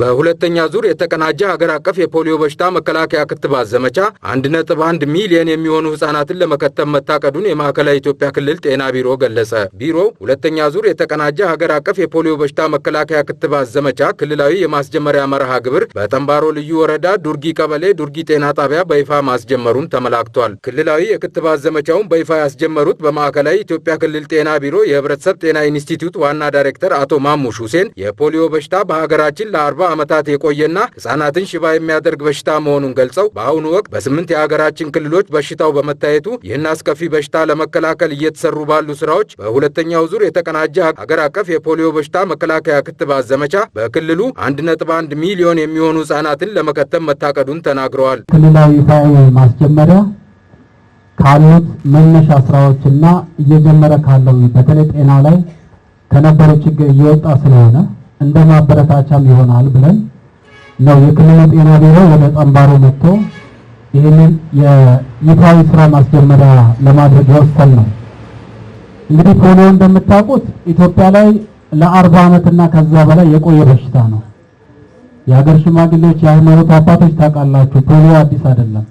በሁለተኛ ዙር የተቀናጀ ሀገር አቀፍ የፖሊዮ በሽታ መከላከያ ክትባት ዘመቻ 1.1 ሚሊዮን የሚሆኑ ህጻናትን ለመከተብ መታቀዱን የማዕከላዊ ኢትዮጵያ ክልል ጤና ቢሮ ገለጸ። ቢሮው ሁለተኛ ዙር የተቀናጀ ሀገር አቀፍ የፖሊዮ በሽታ መከላከያ ክትባት ዘመቻ ክልላዊ የማስጀመሪያ መርሃ ግብር በጠንባሮ ልዩ ወረዳ ዱርጊ ቀበሌ ዱርጊ ጤና ጣቢያ በይፋ ማስጀመሩን ተመላክቷል። ክልላዊ የክትባት ዘመቻውን በይፋ ያስጀመሩት በማዕከላዊ ኢትዮጵያ ክልል ጤና ቢሮ የህብረተሰብ ጤና ኢንስቲትዩት ዋና ዳይሬክተር አቶ ማሙሽ ሁሴን የፖሊዮ በሽታ በሀገራችን ለ ዓመታት የቆየና ሕፃናትን ሽባ የሚያደርግ በሽታ መሆኑን ገልጸው በአሁኑ ወቅት በስምንት የሀገራችን ክልሎች በሽታው በመታየቱ ይህን አስከፊ በሽታ ለመከላከል እየተሰሩ ባሉ ስራዎች በሁለተኛው ዙር የተቀናጀ ሀገር አቀፍ የፖሊዮ በሽታ መከላከያ ክትባት ዘመቻ በክልሉ 1.1 ሚሊዮን የሚሆኑ ሕፃናትን ለመከተብ መታቀዱን ተናግረዋል። ክልላዊ ማስጀመሪያ ካሉት መነሻ ስራዎችና እየጀመረ ካለው በተለይ ጤና ላይ ከነበረው ችግር እየወጣ ስለሆነ እንደ ማበረታቻም ይሆናል ብለን ነው የክልሉ ጤና ቢሮ ወደ ጠንባሮ መጥቶ ይህንን የይፋዊ ስራ ማስጀመሪያ ለማድረግ ወሰን ነው። እንግዲህ ፖሊዮ እንደምታውቁት ኢትዮጵያ ላይ ለአርባ ዓመትና ከዛ በላይ የቆየ በሽታ ነው። የሀገር ሽማግሌዎች፣ የሃይማኖት አባቶች ታውቃላችሁ፣ ፖሊዮ አዲስ አይደለም።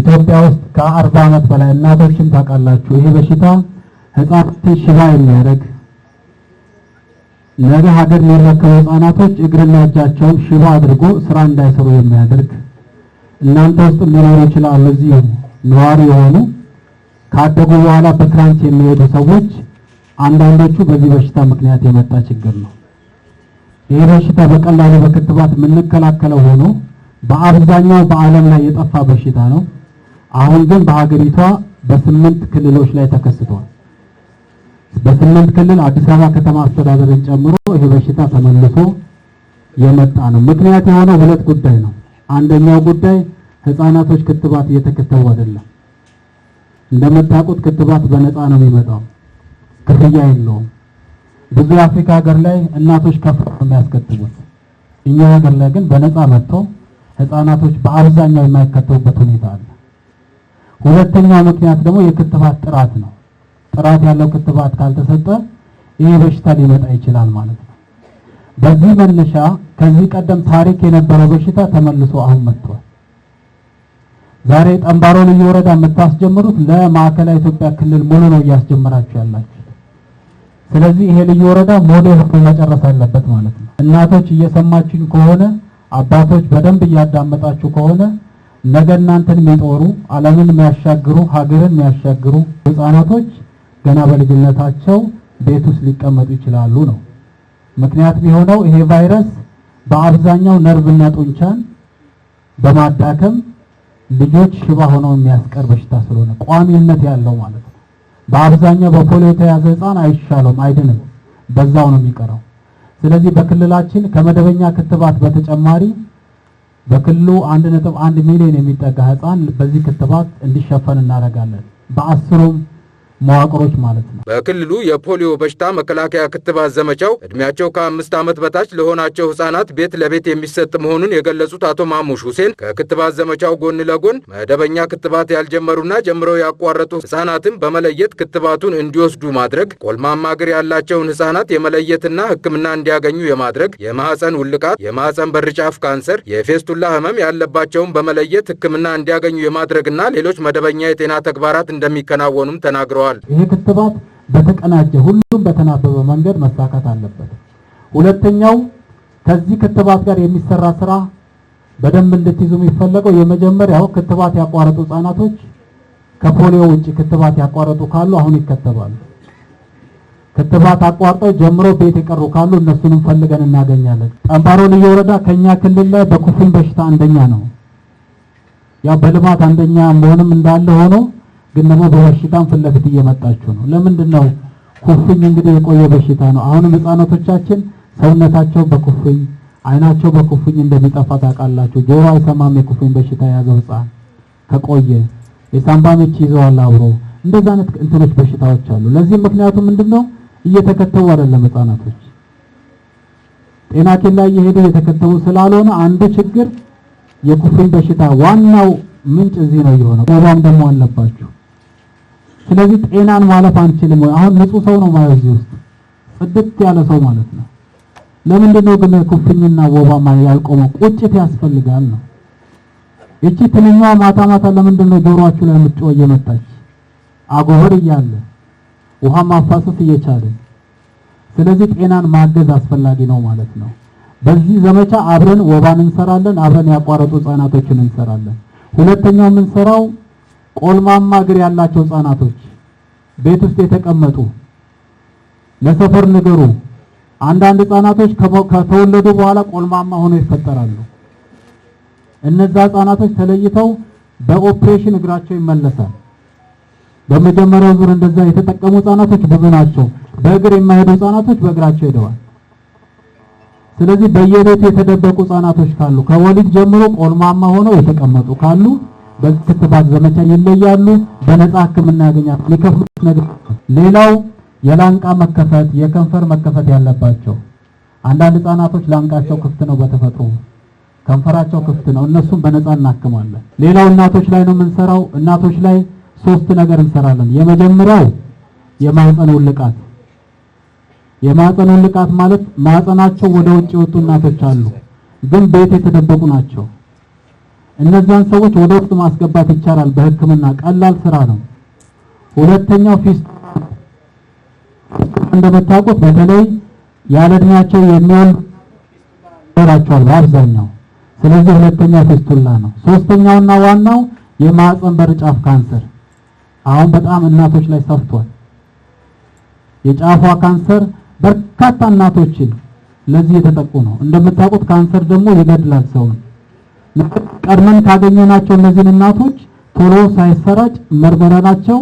ኢትዮጵያ ውስጥ ከአርባ ዓመት በላይ እናቶችም ታውቃላችሁ። ይሄ በሽታ ህጻናት ሽባ የሚያደርግ ነገ ሀገር ለሚረከቡ ህጻናቶች እግርና እጃቸውን ሽባ አድርጎ ስራ እንዳይሰሩ የሚያደርግ እናንተ ውስጥ ሊኖሩ ይችላሉ። እዚህ ነዋሪ የሆኑ ካደጉ በኋላ በትራንስ የሚሄዱ ሰዎች አንዳንዶቹ በዚህ በሽታ ምክንያት የመጣ ችግር ነው። ይህ በሽታ በቀላሉ በክትባት የምንከላከለው ሆኖ በአብዛኛው በዓለም ላይ የጠፋ በሽታ ነው። አሁን ግን በሀገሪቷ በስምንት ክልሎች ላይ ተከስቷል። በስምንት ክልል አዲስ አበባ ከተማ አስተዳደርን ጨምሮ ይሄ በሽታ ተመልሶ የመጣ ነው። ምክንያት የሆነው ሁለት ጉዳይ ነው። አንደኛው ጉዳይ ህፃናቶች ክትባት እየተከተቡ አይደለም። እንደምታውቁት ክትባት በነፃ ነው የሚመጣው፣ ክፍያ የለውም። ብዙ የአፍሪካ ሀገር ላይ እናቶች ከፍለው የሚያስከትቡት፣ እኛ ሀገር ላይ ግን በነፃ መጥቶ ህፃናቶች በአብዛኛው የማይከተቡበት ሁኔታ አለ። ሁለተኛው ምክንያት ደግሞ የክትባት ጥራት ነው። ጥራት ያለው ክትባት ካልተሰጠ ይህ በሽታ ሊመጣ ይችላል ማለት ነው። በዚህ መነሻ ከዚህ ቀደም ታሪክ የነበረው በሽታ ተመልሶ አሁን መጥቷል። ዛሬ ጠምባሮ ልዩ ወረዳ የምታስጀምሩት ለማዕከላዊ ኢትዮጵያ ክልል ሙሉ ነው እያስጀመራችሁ ያላችሁ። ስለዚህ ይሄ ልዩ ወረዳ ሞዴል ሆኖ መጨረስ አለበት ማለት ነው። እናቶች እየሰማችሁኝ ከሆነ አባቶች በደንብ እያዳመጣችሁ ከሆነ ነገ እናንተን የሚጦሩ ዓለምን የሚያሻግሩ ሀገርን የሚያሻግሩ ህፃናቶች ገና በልጅነታቸው ቤት ውስጥ ሊቀመጡ ይችላሉ ነው። ምክንያት የሆነው ይሄ ቫይረስ በአብዛኛው ነርቭና ጡንቻን በማዳከም ልጆች ሽባ ሆነው የሚያስቀር በሽታ ስለሆነ ቋሚነት ያለው ማለት ነው። በአብዛኛው በፖሊዮ የተያዘ ሕፃን አይሻለውም፣ አይድንም፣ በዛው ነው የሚቀረው። ስለዚህ በክልላችን ከመደበኛ ክትባት በተጨማሪ በክልሉ 1.1 ሚሊዮን የሚጠጋ ህፃን በዚህ ክትባት እንዲሸፈን እናደርጋለን በአስሩም መዋቅሮች ማለት ነው። በክልሉ የፖሊዮ በሽታ መከላከያ ክትባት ዘመቻው እድሜያቸው ከአምስት ዓመት በታች ለሆናቸው ህጻናት ቤት ለቤት የሚሰጥ መሆኑን የገለጹት አቶ ማሙሽ ሁሴን ከክትባት ዘመቻው ጎን ለጎን መደበኛ ክትባት ያልጀመሩና ጀምረው ያቋረጡ ህጻናትን በመለየት ክትባቱን እንዲወስዱ ማድረግ፣ ቆልማማ እግር ያላቸውን ህጻናት የመለየትና ህክምና እንዲያገኙ የማድረግ፣ የማህፀን ውልቃት፣ የማህፀን በርጫፍ ካንሰር፣ የፌስቱላ ህመም ያለባቸውን በመለየት ህክምና እንዲያገኙ የማድረግና ሌሎች መደበኛ የጤና ተግባራት እንደሚከናወኑም ተናግረዋል። ተናግረዋል። ይህ ክትባት በተቀናጀ ሁሉም በተናበበ መንገድ መሳካት አለበት። ሁለተኛው ከዚህ ክትባት ጋር የሚሰራ ስራ በደንብ እንድትይዙ የሚፈለገው የመጀመሪያው ክትባት ያቋረጡ ህጻናቶች ከፖሊዮ ውጭ ክትባት ያቋረጡ ካሉ አሁን ይከተባሉ። ክትባት አቋርጠው ጀምሮ ቤት የቀሩ ካሉ እነሱንም ፈልገን እናገኛለን። ጠንባሮ ልዩ ወረዳ ከኛ ክልል ላይ በኩፍኝ በሽታ አንደኛ ነው። ያ በልማት አንደኛ መሆንም እንዳለ ሆኖ ግን ደግሞ በበሽታም ፊት ለፊት እየመጣችሁ ነው። ለምንድን ነው ኩፍኝ እንግዲህ የቆየ በሽታ ነው። አሁንም ህፃናቶቻችን ሰውነታቸው በኩፍኝ አይናቸው በኩፍኝ እንደሚጠፋ ታውቃላችሁ። ጆሮ አይሰማም። የኩፍኝ በሽታ የያዘው ህፃን ከቆየ የሳምባ ምች ይዘዋል አብሮ እንደዛ አይነት እንትኖች በሽታዎች አሉ። ለዚህም ምክንያቱ ምንድነው? እየተከተቡ አይደለም ህፃናቶች ጤና ኬላ እየሄዱ እየተከተቡ ስላልሆነ አንዱ ችግር የኩፍኝ በሽታ ዋናው ምንጭ እዚህ ነው የሆነው። ወባም ደግሞ አለባችሁ። ስለዚህ ጤናን ማለፍ አንችልም ወይ? አሁን ንጹህ ሰው ነው ማለት ነው፣ ጽድት ያለ ሰው ማለት ነው። ለምንድን ነው ግን ኩፍኝና ወባ ያልቆመው? ቁጭት ያስፈልጋል ነው። እቺ ትንኛዋ ማታ ማታ ለምንድን ነው ጆሮአችሁ ላይ የምትጮህ እየመጣች አጎበር እያለ ውሃ ማፋሰስ እየቻለ? ስለዚህ ጤናን ማገዝ አስፈላጊ ነው ማለት ነው። በዚህ ዘመቻ አብረን ወባን እንሰራለን፣ አብረን ያቋረጡ ህጻናቶችን እንሰራለን። ሁለተኛው የምንሰራው ቆልማማ እግር ያላቸው ህጻናቶች ቤት ውስጥ የተቀመጡ ለሰፈር ንገሩ። አንዳንድ ህጻናቶች ከተወለዱ በኋላ ቆልማማ ሆነው ይፈጠራሉ። እነዛ ህጻናቶች ተለይተው በኦፕሬሽን እግራቸው ይመለሳል። በመጀመሪያው ዙር እንደዛ የተጠቀሙ ህጻናቶች ብዙ ናቸው። በእግር የማይሄዱ ህጻናቶች በእግራቸው ሄደዋል። ስለዚህ በየቤቱ የተደበቁ ህጻናቶች ካሉ ከወሊድ ጀምሮ ቆልማማ ሆነው የተቀመጡ ካሉ በክትባት ዘመቻ ይለያሉ። በነፃ ሕክምና ያገኛሉ። ሊከፍሉት ነገር ሌላው የላንቃ መከፈት፣ የከንፈር መከፈት ያለባቸው አንዳንድ ህጻናቶች ላንቃቸው ክፍት ነው በተፈጥሮ ከንፈራቸው ክፍት ነው። እነሱም በነፃ እናክማለን። ሌላው እናቶች ላይ ነው የምንሰራው። እናቶች ላይ ሶስት ነገር እንሰራለን። የመጀመሪያው የማህፀን ውልቃት። የማህፀን ውልቃት ማለት ማህፀናቸው ወደ ውጭ የወጡ እናቶች አሉ፣ ግን ቤት የተደበቁ ናቸው። እነዛን ሰዎች ወደ ውስጥ ማስገባት ይቻላል። በህክምና ቀላል ስራ ነው። ሁለተኛው ፊስት እንደምታውቁት በተለይ ያለ እድሜያቸው የሚወልዱ ይኖራቸዋል በአብዛኛው። ስለዚህ ሁለተኛው ፊስቱላ ነው። ሶስተኛውና ዋናው የማህፀን በር ጫፍ ካንሰር አሁን በጣም እናቶች ላይ ሰፍቷል። የጫፏ ካንሰር በርካታ እናቶችን ለዚህ የተጠቁ ነው። እንደምታውቁት ካንሰር ደግሞ ይገድላል ሰውን ቀድመን ካገኘናቸው እነዚህን እናቶች ቶሎ ሳይሰራጭ መርመረናቸው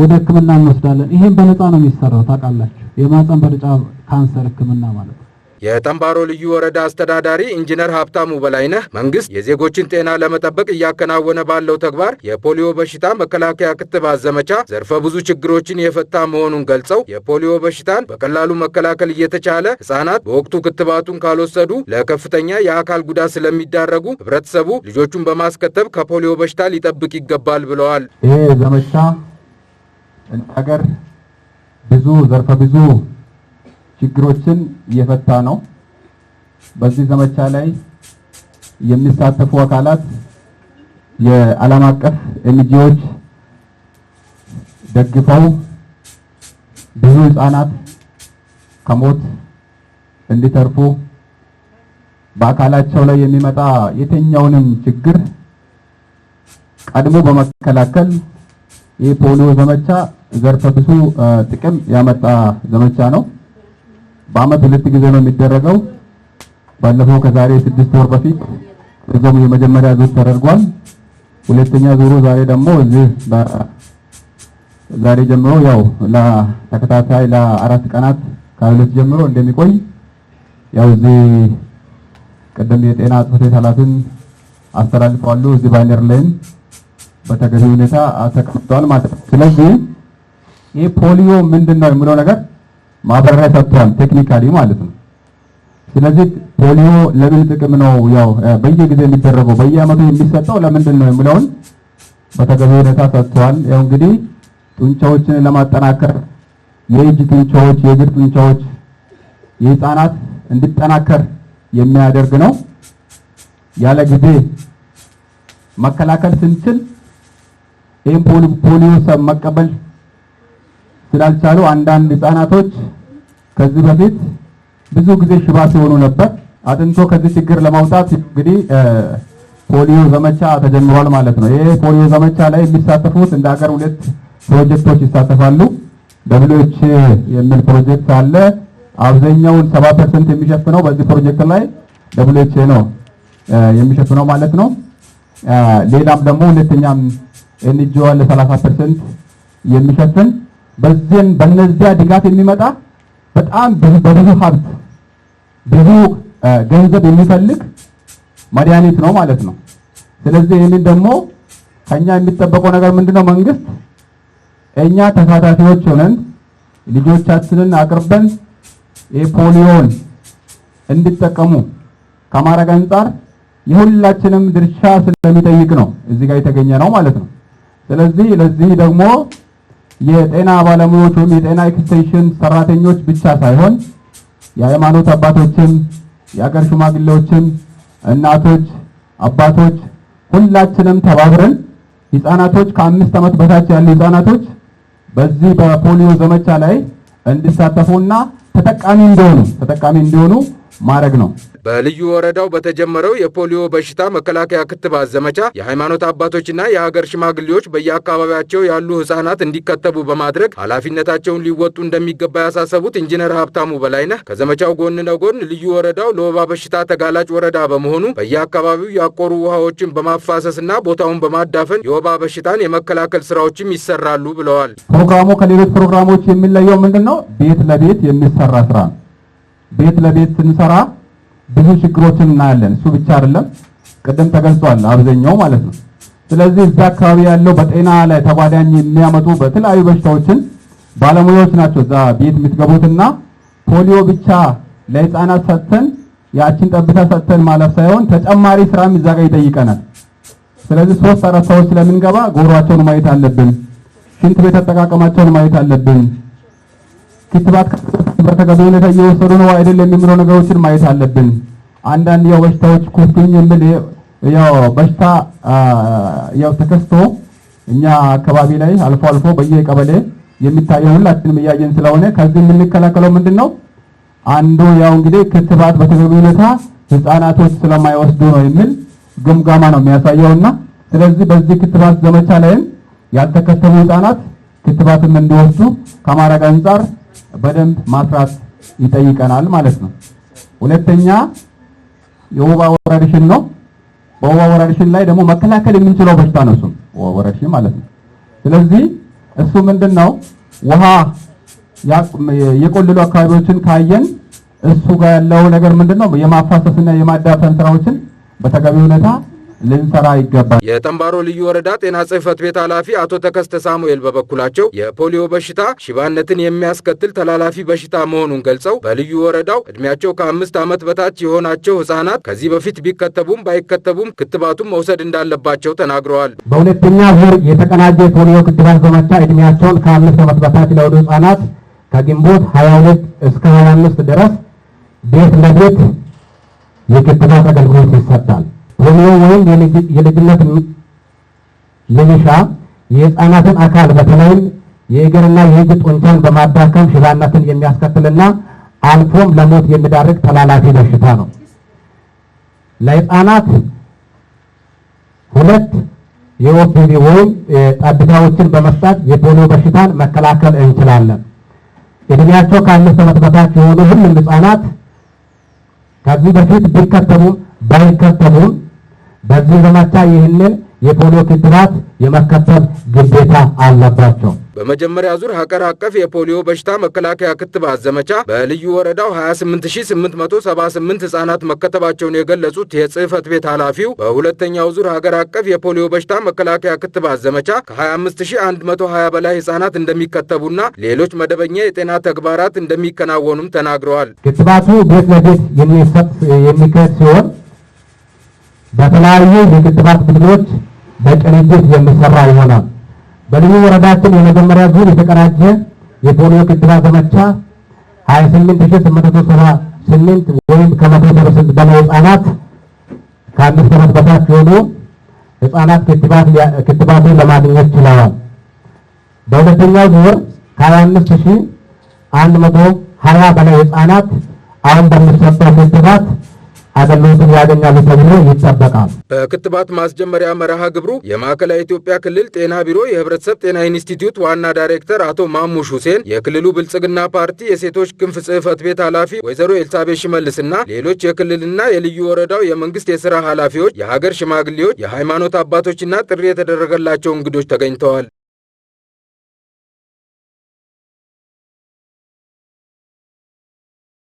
ወደ ሕክምና እንወስዳለን። ይሄን በነፃ ነው የሚሰራው ታውቃላችሁ፣ የማህፀን በርጫ ካንሰር ሕክምና ማለት ነው። የጠንባሮ ልዩ ወረዳ አስተዳዳሪ ኢንጂነር ሀብታሙ በላይነህ መንግስት የዜጎችን ጤና ለመጠበቅ እያከናወነ ባለው ተግባር የፖሊዮ በሽታ መከላከያ ክትባት ዘመቻ ዘርፈ ብዙ ችግሮችን የፈታ መሆኑን ገልጸው የፖሊዮ በሽታን በቀላሉ መከላከል እየተቻለ ህጻናት በወቅቱ ክትባቱን ካልወሰዱ ለከፍተኛ የአካል ጉዳት ስለሚዳረጉ ህብረተሰቡ ልጆቹን በማስከተብ ከፖሊዮ በሽታ ሊጠብቅ ይገባል ብለዋል። ይህ ዘመቻ እንደ ሀገር ብዙ ዘርፈ ብዙ ችግሮችን እየፈታ ነው። በዚህ ዘመቻ ላይ የሚሳተፉ አካላት የዓለም አቀፍ ኤንጂዎች ደግፈው ብዙ ህጻናት ከሞት እንዲተርፉ በአካላቸው ላይ የሚመጣ የትኛውንም ችግር ቀድሞ በመከላከል የፖሊዮ ዘመቻ ዘርፈ ብዙ ጥቅም ያመጣ ዘመቻ ነው። በአመት ሁለት ጊዜ ነው የሚደረገው። ባለፈው ከዛሬ ስድስት ወር በፊት እዚያው የመጀመሪያ ዙር ተደርጓል። ሁለተኛ ዙሩ ዛሬ ደግሞ እዚህ ዛሬ ጀምሮ ያው ለተከታታይ ለአራት ቀናት ከሁለት ጀምሮ እንደሚቆይ ያው እዚህ ቅድም የጤና ጽሕፈት ቤት ኃላፊን አስተላልፈዋሉ። እዚህ ባነር ላይም በተገቢ ሁኔታ ተቀምጠዋል ማለት ነው። ስለዚህ ይህ ፖሊዮ ምንድን ነው የሚለው ነገር ማብራሪያ ሰጥቷል፣ ቴክኒካሊ ማለት ነው። ስለዚህ ፖሊዮ ለምን ጥቅም ነው ያው በየጊዜ የሚደረገው በየአመቱ የሚሰጠው ለምንድን ነው የሚለውን በተገቢ ሁኔታ ሰጥቷል። ያው እንግዲህ ጡንቻዎችን ለማጠናከር የእጅ ጡንቻዎች፣ የእግር ጡንቻዎች የህፃናት እንዲጠናከር የሚያደርግ ነው። ያለ ጊዜ መከላከል ስንችል ይህም ፖሊዮ መቀበል ስላልቻሉ አንዳንድ ህጻናቶች ከዚህ በፊት ብዙ ጊዜ ሽባ ሲሆኑ ነበር። አጥንቶ ከዚህ ችግር ለማውጣት እንግዲህ ፖሊዮ ዘመቻ ተጀምሯል ማለት ነው። ይሄ ፖሊዮ ዘመቻ ላይ የሚሳተፉት እንደ ሀገር ሁለት ፕሮጀክቶች ይሳተፋሉ። ደብሊው የሚል ፕሮጀክት አለ። አብዛኛውን 70 ፐርሰንት የሚሸፍነው በዚህ ፕሮጀክት ላይ ደብሊው ነው የሚሸፍነው ማለት ነው። ሌላም ደግሞ ሁለተኛም ኤንጂኦ 30 ፐርሰንት የሚሸፍን በዚህም በነዚያ ድጋፍ የሚመጣ በጣም በብዙ ሀብት ብዙ ገንዘብ የሚፈልግ መድኃኒት ነው ማለት ነው። ስለዚህ ይህንን ደግሞ ከኛ የሚጠበቀው ነገር ምንድነው? መንግስት እኛ ተሳታፊዎች ሆነን ልጆቻችንን አቅርበን የፖሊዮን እንዲጠቀሙ ከማድረግ አንጻር የሁላችንም ድርሻ ስለሚጠይቅ ነው እዚህ ጋር የተገኘ ነው ማለት ነው። ስለዚህ ለዚህ ደግሞ የጤና ባለሙያዎች ወይም የጤና ኤክስቴንሽን ሰራተኞች ብቻ ሳይሆን የሃይማኖት አባቶችም፣ የሀገር ሽማግሌዎችም፣ እናቶች፣ አባቶች ሁላችንም ተባብረን ህፃናቶች ከአምስት ዓመት በታች ያሉ ህፃናቶች በዚህ በፖሊዮ ዘመቻ ላይ እንዲሳተፉና ተጠቃሚ እንዲሆኑ ተጠቃሚ እንዲሆኑ ማድረግ ነው። በልዩ ወረዳው በተጀመረው የፖሊዮ በሽታ መከላከያ ክትባት ዘመቻ የሃይማኖት አባቶችና የሀገር ሽማግሌዎች በየአካባቢያቸው ያሉ ህጻናት እንዲከተቡ በማድረግ ኃላፊነታቸውን ሊወጡ እንደሚገባ ያሳሰቡት ኢንጂነር ሀብታሙ በላይነህ ከዘመቻው ጎን ለጎን ልዩ ወረዳው ለወባ በሽታ ተጋላጭ ወረዳ በመሆኑ በየአካባቢው ያቆሩ ውሃዎችን በማፋሰስና ቦታውን በማዳፈን የወባ በሽታን የመከላከል ስራዎችም ይሰራሉ ብለዋል። ፕሮግራሙ ከሌሎች ፕሮግራሞች የሚለየው ምንድን ነው? ቤት ለቤት የሚሰራ ስራ ነው። ቤት ለቤት ስንሰራ ብዙ ችግሮችን እናያለን። እሱ ብቻ አይደለም፣ ቅድም ተገልጿል፣ አብዛኛው ማለት ነው። ስለዚህ እዛ አካባቢ ያለው በጤና ላይ ተጓዳኝ የሚያመጡ በተለያዩ በሽታዎችን ባለሙያዎች ናቸው እዛ ቤት የምትገቡትና ፖሊዮ ብቻ ለህፃናት ሰጥተን ያችን ጠብታ ሰጥተን ማለፍ ሳይሆን ተጨማሪ ስራም እዛ ጋር ይጠይቀናል። ስለዚህ ሶስት አራት ሰዎች ስለምንገባ ጎሯቸውን ማየት አለብን። ሽንት ቤት አጠቃቀማቸውን ማየት አለብን። ክትባት በተገቢ ሁኔታ እየወሰዱ ነው አይደለም የሚለው ነገሮችን ማየት አለብን። አንዳንድ ያው በሽታዎች ኩፍኝ የሚል ያው በሽታ ያው ተከስቶ እኛ አካባቢ ላይ አልፎ አልፎ በየቀበሌ የሚታየ ሁላችንም እያየን ስለሆነ ከዚህ የምንከላከለው ምንድን ነው? አንዱ ያው እንግዲህ ክትባት በተገቢ ሁኔታ ህፃናቶች ስለማይወስዱ ነው የሚል ግምጋማ ነው የሚያሳየውና ስለዚህ በዚህ ክትባት ዘመቻ ላይም ያልተከተቡ ህፃናት ክትባትም እንዲወስዱ ከማድረግ አንጻር በደንብ ማስራት ይጠይቀናል ማለት ነው። ሁለተኛ የወባ ወረርሽኝ ነው። በወባ ወረርሽኝ ላይ ደግሞ መከላከል የምንችለው በሽታ ነው እሱ ወባ ወረርሽኝ ማለት ነው። ስለዚህ እሱ ምንድን ነው ውሃ የቆለሉ አካባቢዎችን ካየን እሱ ጋር ያለው ነገር ምንድን ነው የማፋሰስና የማዳፈን ስራዎችን በተገቢ ሁኔታ ልንሰራ ይገባል። የጠንባሮ ልዩ ወረዳ ጤና ጽህፈት ቤት ኃላፊ አቶ ተከስተ ሳሙኤል በበኩላቸው የፖሊዮ በሽታ ሽባነትን የሚያስከትል ተላላፊ በሽታ መሆኑን ገልጸው በልዩ ወረዳው እድሜያቸው ከአምስት ዓመት በታች የሆናቸው ህጻናት ከዚህ በፊት ቢከተቡም ባይከተቡም ክትባቱን መውሰድ እንዳለባቸው ተናግረዋል። በሁለተኛ ዙር የተቀናጀ ፖሊዮ ክትባት ዘመቻ ዕድሜያቸውን ከአምስት ዓመት በታች ለሆኑ ህጻናት ከግንቦት 22 እስከ 25 ድረስ ቤት ለቤት የክትባት አገልግሎት ይሰጣል። ለምለው ወይም የልጅነት ልምሻ የህፃናትን አካል በተለይም የእግርና የእጅ ጡንቻን በማዳከም ሽባነትን የሚያስከትልና አልፎም ለሞት የሚዳርግ ተላላፊ በሽታ ነው። ለህፃናት ሁለት የኦፒቪ ወይም ጠብታዎችን በመስጠት የፖሊዮ በሽታን መከላከል እንችላለን። እድሜያቸው ከአምስት ዓመት በታች የሆኑ ሁሉም ህፃናት ከዚህ በፊት ቢከተሙም ባይከተሙም በዚህ በመታ ይህንን የፖሊዮ ክትባት የመከተብ ግዴታ አለባቸው። በመጀመሪያ ዙር ሀገር አቀፍ የፖሊዮ በሽታ መከላከያ ክትባት ዘመቻ በልዩ ወረዳው 28878 ህጻናት መከተባቸውን የገለጹት የጽህፈት ቤት ኃላፊው በሁለተኛው ዙር ሀገር አቀፍ የፖሊዮ በሽታ መከላከያ ክትባት ዘመቻ ከ25120 በላይ ህጻናት እንደሚከተቡና ሌሎች መደበኛ የጤና ተግባራት እንደሚከናወኑም ተናግረዋል። ክትባቱ ቤት ለቤት የሚከት ሲሆን በተለያዩ የክትባት ክፍሎች በቅንጅት የሚሰራ ይሆናል። በልዩ ወረዳችን የመጀመሪያ ዙር የተቀናጀ የፖሊዮ ክትባት ዘመቻ 28878 ወይም ከመቶ ፐርሰንት በላይ ህጻናት ከአምስት ዓመት በታች የሆኑ ህጻናት ክትባቱን ለማግኘት ችለዋል። በሁለተኛው ዙር ከ25120 በላይ ህጻናት አሁን በሚሰጠው ክትባት አገልግሎቱን ያገኛሉ ተብሎ ይጠበቃል። በክትባት ማስጀመሪያ መርሃ ግብሩ የማዕከላዊ ኢትዮጵያ ክልል ጤና ቢሮ የህብረተሰብ ጤና ኢንስቲትዩት ዋና ዳይሬክተር አቶ ማሙሽ ሁሴን፣ የክልሉ ብልጽግና ፓርቲ የሴቶች ክንፍ ጽህፈት ቤት ኃላፊ ወይዘሮ ኤልሳቤት ሽመልስና ሌሎች የክልልና የልዩ ወረዳው የመንግስት የስራ ኃላፊዎች፣ የሀገር ሽማግሌዎች፣ የሃይማኖት አባቶችና ጥሪ የተደረገላቸው እንግዶች ተገኝተዋል።